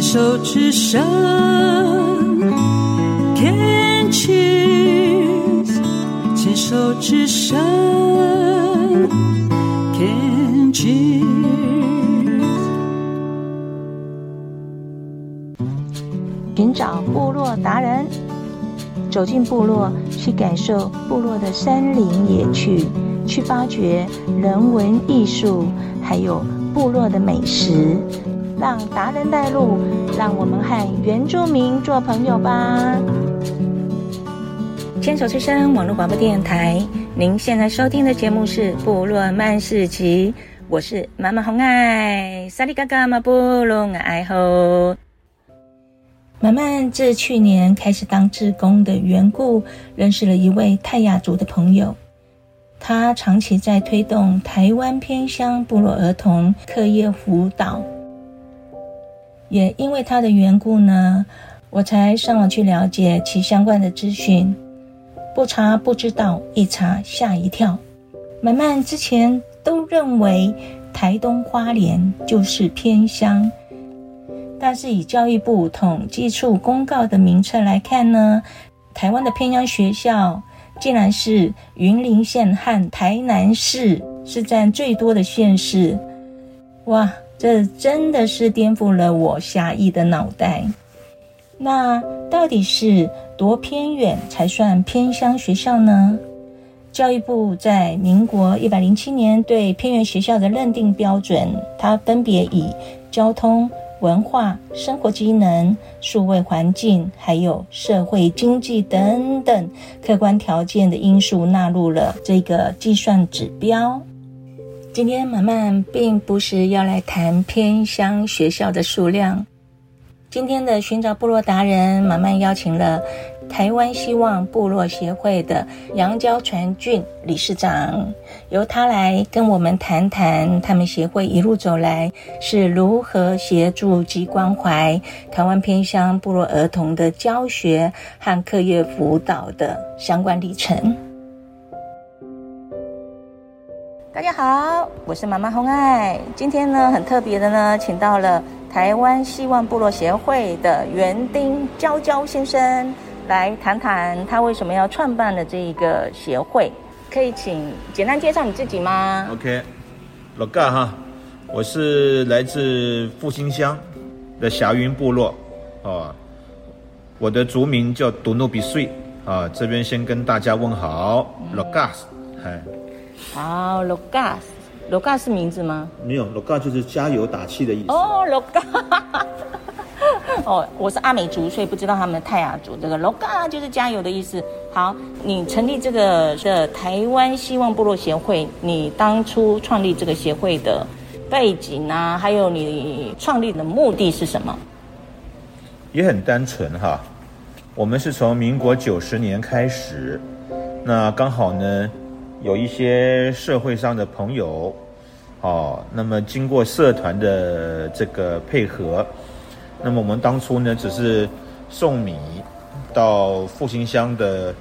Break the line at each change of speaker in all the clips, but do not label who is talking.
牽手之聲，天晴。牽手之
聲，天晴。尋找部落達人，走進部落，去感受部落的山林野趣，去發掘人文藝術，還有部落的美食。讓達人帶路，讓我們和原住民做朋友吧。牽手之聲網絡廣播電臺，您現在收聽的節目是《部落漫市集》，我是媽媽紅愛。薩利嘎嘎馬部隆愛吼。媽媽自去年開始當志工的緣故，認識了一位泰雅族的朋友，他長期在推動台灣偏鄉部落兒童課業輔導。也因為它的緣故呢，我才上網去了解其相關的資訊。不查不知道，一查嚇一跳。滿滿之前都認為台東花蓮就是偏鄉，但是以教育部統計處公告的名稱來看呢，台灣的偏鄉學校竟然是雲林縣和台南市是占最多的縣市。哇！這真的是顛覆了我狹義的腦袋。那到底是多偏遠才算偏鄉學校呢？教育部在民國一百零七年對偏遠學校的認定標準，它分別以交通、文化、生活機能、數位環境，還有社會經濟等等客觀條件的因素，納入了這個計算指標。今天滿滿並不是要來談偏鄉學校的數量。今天的尋找部落達人滿滿邀請了台灣希望部落協會的楊焦傳峻理事長，由他來跟我們談談他們協會一路走來是如何協助及關懷台灣偏鄉部落兒童的教學和課業輔導的相關歷程。大家好，我是媽媽紅愛。今天呢，很特別的呢，請到了台灣希望部落協會的園丁焦焦先生，來談談他為什麼要創辦的這一個協會。可以請簡單介紹你自己嗎
？OK，老嘎哈，我是來自復興鄉的霞雲部落，哦、啊，我的族名叫 Do No B Su，啊，這邊先跟大家問好，老嘎嗨。
好、oh, logas，logas 是名字嗎？
沒有、no，logas 就是加油打氣的意思。哦
，logas，哦，我是阿美族，所以不知道他們的泰雅族這個 logas 就是加油的意思。好，你成立這個的、這個、台灣希望部落協會，你當初創立這個協會的背景啊，還有你創立的目的是什麼？
也很單純哈，我們是從民國九十年開始，那剛好呢。有一些社會上的朋友，哦，那麼經過社團的這個配合，那麼我們當初呢只是送米到復興鄉的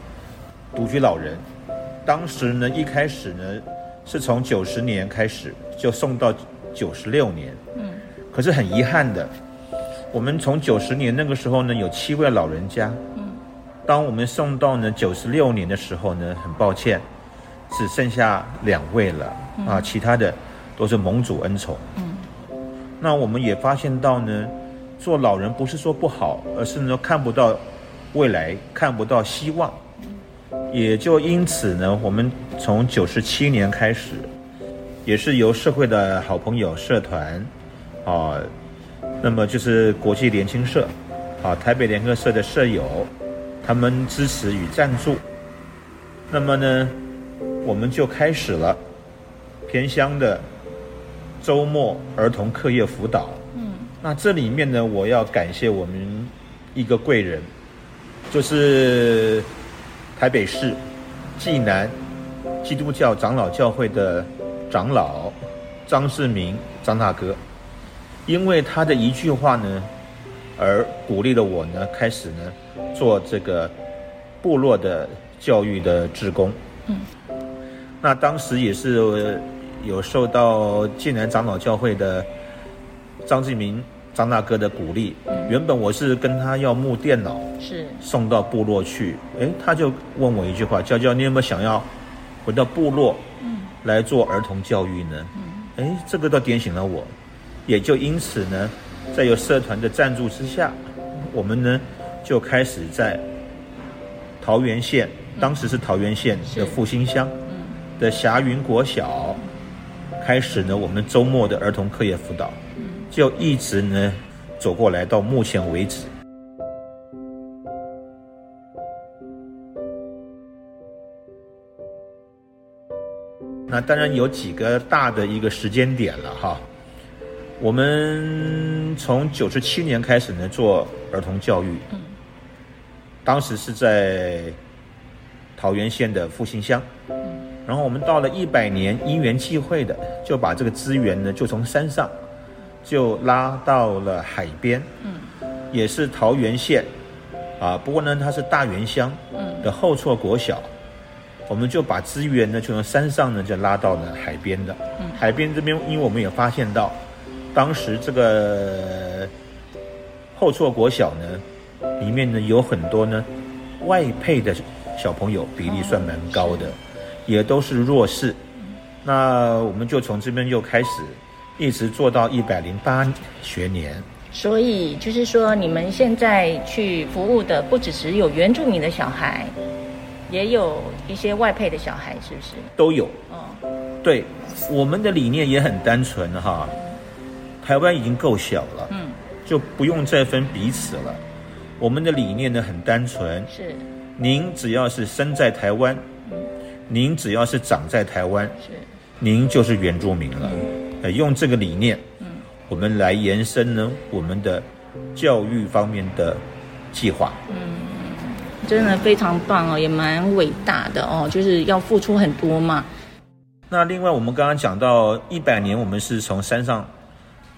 獨居老人，當時呢一開始呢是從九十年開始就送到九十六年，嗯，可是很遺憾的，我們從九十年那個時候呢有七位老人家，嗯，當我們送到呢九十六年的時候呢，很抱歉。只剩下兩位了啊，其他的都是蒙主恩寵。嗯，那我們也發現到呢，做老人不是說不好，而是呢看不到未來，看不到希望，也就因此呢，我們從九十七年開始，也是由社會的好朋友、社團，啊，那麼就是國際年輕社，啊，台北聯合社的社友，他們支持與贊助。那麼呢，我們就開始了偏鄉的周末兒童課業輔導。嗯，那這裡面呢，我要感謝我們一個貴人，就是台北市濟南基督教長老教會的長老張世民張大哥，因為他的一句話呢，而鼓勵了我呢，開始呢做這個部落的教育的志工。嗯。那當時也是有受到晉南長老教會的張志明張大哥的鼓勵。嗯、原本我是跟他要募電腦，是送到部落去。哎、欸，他就問我一句話：“嬌嬌，你有沒有想要回到部落來做兒童教育呢？”哎、嗯欸，這個倒點醒了我。也就因此呢，在有社團的贊助之下，我們呢就開始在桃園縣，當時是桃園縣的復興鄉。嗯的霞雲國小開始呢，我們周末的兒童課業輔導就一直呢走過來，到目前為止。那當然有幾個大的一個時間點了哈，我們從九十七年開始呢做兒童教育，當時是在桃園縣的復興鄉。然後我們到了一百年因緣際會的，就把這個資源呢，就從山上就拉到了海邊。嗯，也是桃園縣啊，不過呢，它是大園鄉的後厝國小，嗯、我們就把資源呢，就從山上呢，就拉到了海邊的。嗯，海邊這邊，因為我們也發現到，當時這個後厝國小呢，裡面呢有很多呢外配的小朋友，比例算蠻高的。嗯也都是弱勢，那我們就從這邊又開始，一直做到一百零八學年。
所以就是說，你們現在去服務的不只只有原住民的小孩，也有一些外配的小孩，是不
是？都有。哦、對，我們的理念也很單純哈，台灣已經夠小了，嗯，就不用再分彼此了。嗯、我們的理念呢很單純，是，您只要是生在台灣。您只要是長在台灣，是您就是原住民了。嗯、呃、用這個理念，嗯、我們來延伸呢我們的教育方面的計劃。嗯，
真的非常棒哦，也蠻偉大的哦，就是要付出很多嘛。
那另外我們剛剛講到一百年，我們是從山上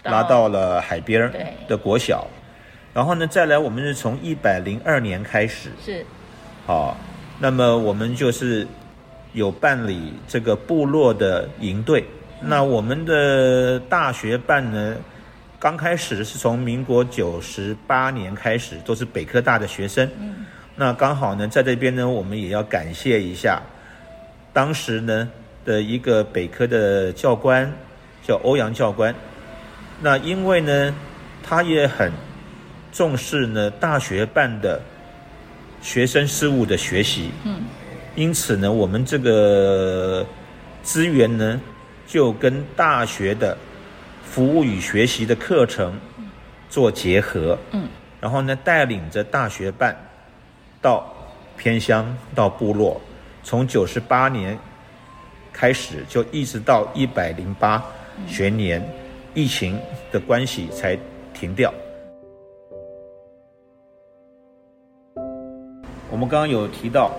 拉到了海邊的國小，然後呢再來我們是從一百零二年開始，是，好、哦，那麼我們就是。有辦理這個部落的營隊，那我們的大學伴呢，剛開始是從民國九十八年開始，都是北科大的學生。嗯，那剛好呢，在這邊呢，我們也要感謝一下，當時呢的一個北科的教官叫歐陽教官。那因為呢，他也很重視呢大學伴的學生事務的學習。嗯。因此呢，我們這個資源呢，就跟大學的服務與學習的課程做結合，嗯，嗯然後呢，帶領着大學辦到偏鄉，到部落，從九十八年開始，就一直到一百零八學年，嗯、疫情的關係才停掉。嗯、我們剛剛有提到。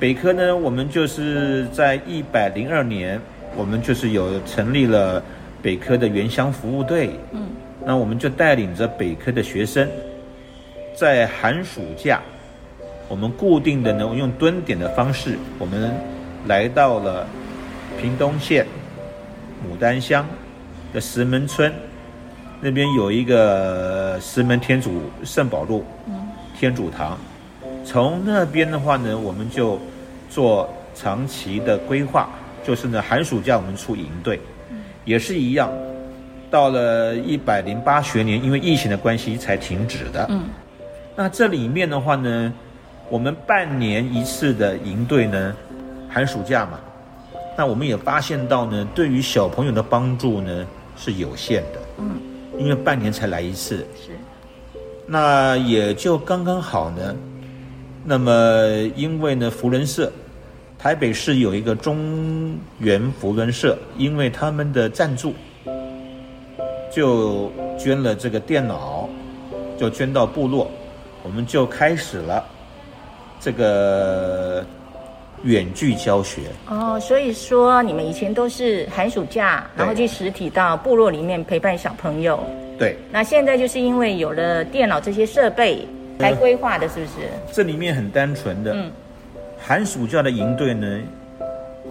北科呢，我們就是在一百零二年，我們就是有成立了北科的原鄉服務隊。嗯，那我們就帶領着北科的學生，在寒暑假，我們固定的呢，用蹲點的方式，我們來到了屏東縣牡丹鄉的石門村，那邊有一個石門天主聖保祿天主堂。嗯從那邊的話呢，我們就做長期的規劃，就是呢，寒暑假我們出營隊，嗯，也是一樣。到了一百零八學年，因為疫情的關係才停止的。嗯，那這裡面的話呢，我們半年一次的營隊呢，寒暑假嘛，那我們也發現到呢，對於小朋友的幫助呢是有限的。嗯，因為半年才來一次。是，那也就剛剛好呢。那麼，因為呢，扶輪社台北市有一個中原扶輪社，因為他們的贊助，就捐了這個電腦，就捐到部落，我們就開始了這個遠距教學。
哦，所以說你們以前都是寒暑假，對然後去實體到部落裡面陪伴小朋友。對。那現在就是因為有了電腦這些設備。來規劃的，是不是？
這裡面很單純的，嗯，寒暑假的營隊呢，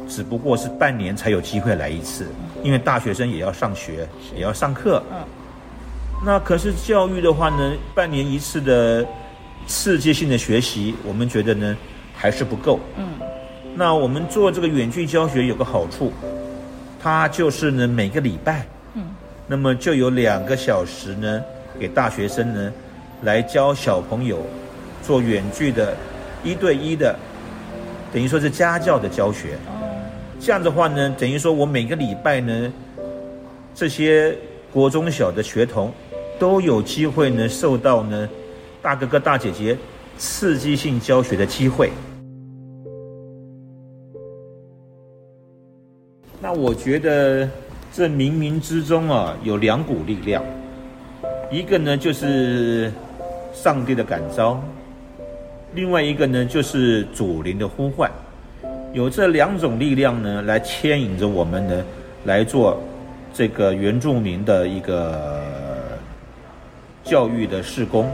只不過是半年才有機會來一次，嗯、因為大學生也要上學，是也要上課，嗯，那可是教育的話呢，半年一次的刺激性的學習，我們覺得呢還是不夠，嗯，那我們做這個遠距教學有個好處，它就是呢每個禮拜，嗯，那麼就有兩個小時呢給大學生呢。來教小朋友做遠距的、一對一的，等於說是家教的教學。嗯、這樣的話呢，等於說我每個禮拜呢，這些國中小的學童都有機會呢受到呢大哥哥大姐姐刺激性教學的機會。嗯、那我覺得這冥冥之中啊，有兩股力量，一個呢就是。上帝的感召，另外一個呢就是祖靈的呼喚，有這兩種力量呢來牽引着我們呢來做這個原住民的一個教育的事工。